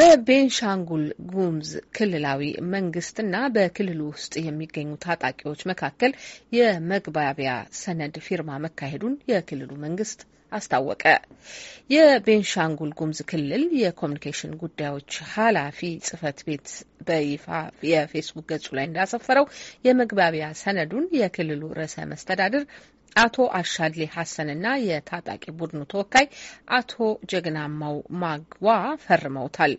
በቤንሻንጉል ጉምዝ ክልላዊ መንግስትና በክልሉ ውስጥ የሚገኙ ታጣቂዎች መካከል የመግባቢያ ሰነድ ፊርማ መካሄዱን የክልሉ መንግስት አስታወቀ። የቤንሻንጉል ጉሙዝ ክልል የኮሚኒኬሽን ጉዳዮች ኃላፊ ጽህፈት ቤት በይፋ የፌስቡክ ገጹ ላይ እንዳሰፈረው የመግባቢያ ሰነዱን የክልሉ ርዕሰ መስተዳድር አቶ አሻድሌ ሀሰንና የታጣቂ ቡድኑ ተወካይ አቶ ጀግናማው ማግዋ ፈርመውታል።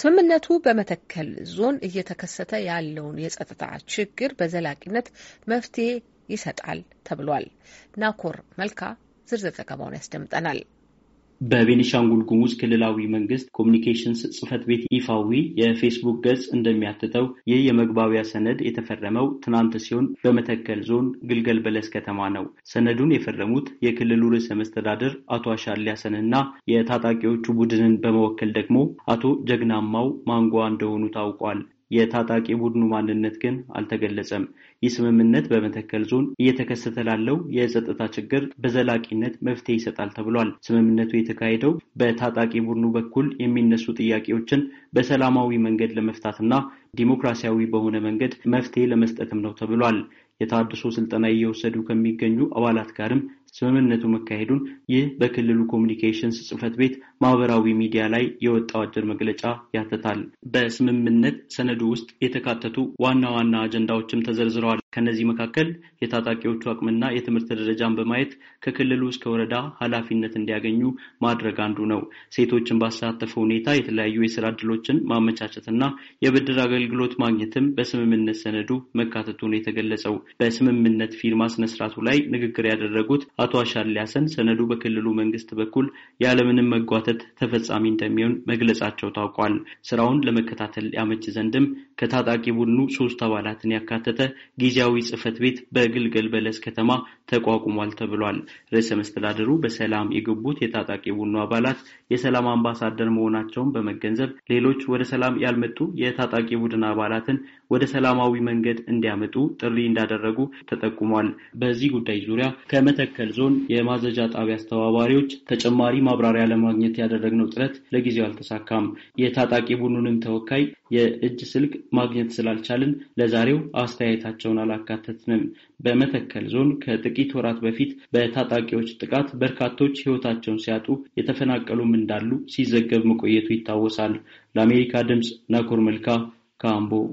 ስምምነቱ በመተከል ዞን እየተከሰተ ያለውን የጸጥታ ችግር በዘላቂነት መፍትሄ ይሰጣል ተብሏል። ናኮር መልካ ዝርዝር ዘገባውን ያስደምጠናል። በቤኒሻንጉል ጉሙዝ ክልላዊ መንግስት ኮሚኒኬሽንስ ጽህፈት ቤት ይፋዊ የፌስቡክ ገጽ እንደሚያትተው ይህ የመግባቢያ ሰነድ የተፈረመው ትናንት ሲሆን በመተከል ዞን ግልገል በለስ ከተማ ነው። ሰነዱን የፈረሙት የክልሉ ርዕሰ መስተዳደር አቶ አሻሊ ሀሰንና የታጣቂዎቹ ቡድንን በመወከል ደግሞ አቶ ጀግናማው ማንጓ እንደሆኑ ታውቋል። የታጣቂ ቡድኑ ማንነት ግን አልተገለጸም። ይህ ስምምነት በመተከል ዞን እየተከሰተ ላለው የጸጥታ ችግር በዘላቂነት መፍትሄ ይሰጣል ተብሏል። ስምምነቱ የተካሄደው በታጣቂ ቡድኑ በኩል የሚነሱ ጥያቄዎችን በሰላማዊ መንገድ ለመፍታትና ዲሞክራሲያዊ በሆነ መንገድ መፍትሄ ለመስጠትም ነው ተብሏል። የታድሶ ስልጠና እየወሰዱ ከሚገኙ አባላት ጋርም ስምምነቱ መካሄዱን ይህ በክልሉ ኮሚኒኬሽንስ ጽፈት ቤት ማህበራዊ ሚዲያ ላይ የወጣው አጭር መግለጫ ያተታል። በስምምነት ሰነዱ ውስጥ የተካተቱ ዋና ዋና አጀንዳዎችም ተዘርዝረዋል። ከእነዚህ መካከል የታጣቂዎቹ አቅምና የትምህርት ደረጃን በማየት ከክልሉ እስከ ወረዳ ኃላፊነት እንዲያገኙ ማድረግ አንዱ ነው። ሴቶችን ባሳተፈ ሁኔታ የተለያዩ የስራ እድሎችን ማመቻቸትና የብድር አገልግሎት ማግኘትም በስምምነት ሰነዱ መካተቱን የተገለጸው በስምምነት ፊርማ ስነስርዓቱ ላይ ንግግር ያደረጉት አቶ አሻድሊ ሰነዱ በክልሉ መንግስት በኩል ያለምንም መጓተት ተፈጻሚ እንደሚሆን መግለጻቸው ታውቋል። ስራውን ለመከታተል ያመች ዘንድም ከታጣቂ ቡድኑ ሶስት አባላትን ያካተተ ጊዜ ጊዜያዊ ጽህፈት ቤት በግልገል በለስ ከተማ ተቋቁሟል ተብሏል። ርዕሰ መስተዳድሩ በሰላም የገቡት የታጣቂ ቡድኑ አባላት የሰላም አምባሳደር መሆናቸውን በመገንዘብ ሌሎች ወደ ሰላም ያልመጡ የታጣቂ ቡድን አባላትን ወደ ሰላማዊ መንገድ እንዲያመጡ ጥሪ እንዳደረጉ ተጠቁሟል። በዚህ ጉዳይ ዙሪያ ከመተከል ዞን የማዘዣ ጣቢያ አስተባባሪዎች ተጨማሪ ማብራሪያ ለማግኘት ያደረግነው ጥረት ለጊዜው አልተሳካም። የታጣቂ ቡድኑንም ተወካይ የእጅ ስልክ ማግኘት ስላልቻልን ለዛሬው አስተያየታቸውን አላ አላካተትንም። በመተከል ዞን ከጥቂት ወራት በፊት በታጣቂዎች ጥቃት በርካቶች ሕይወታቸውን ሲያጡ የተፈናቀሉም እንዳሉ ሲዘገብ መቆየቱ ይታወሳል። ለአሜሪካ ድምፅ ናኮር መልካ ካምቦ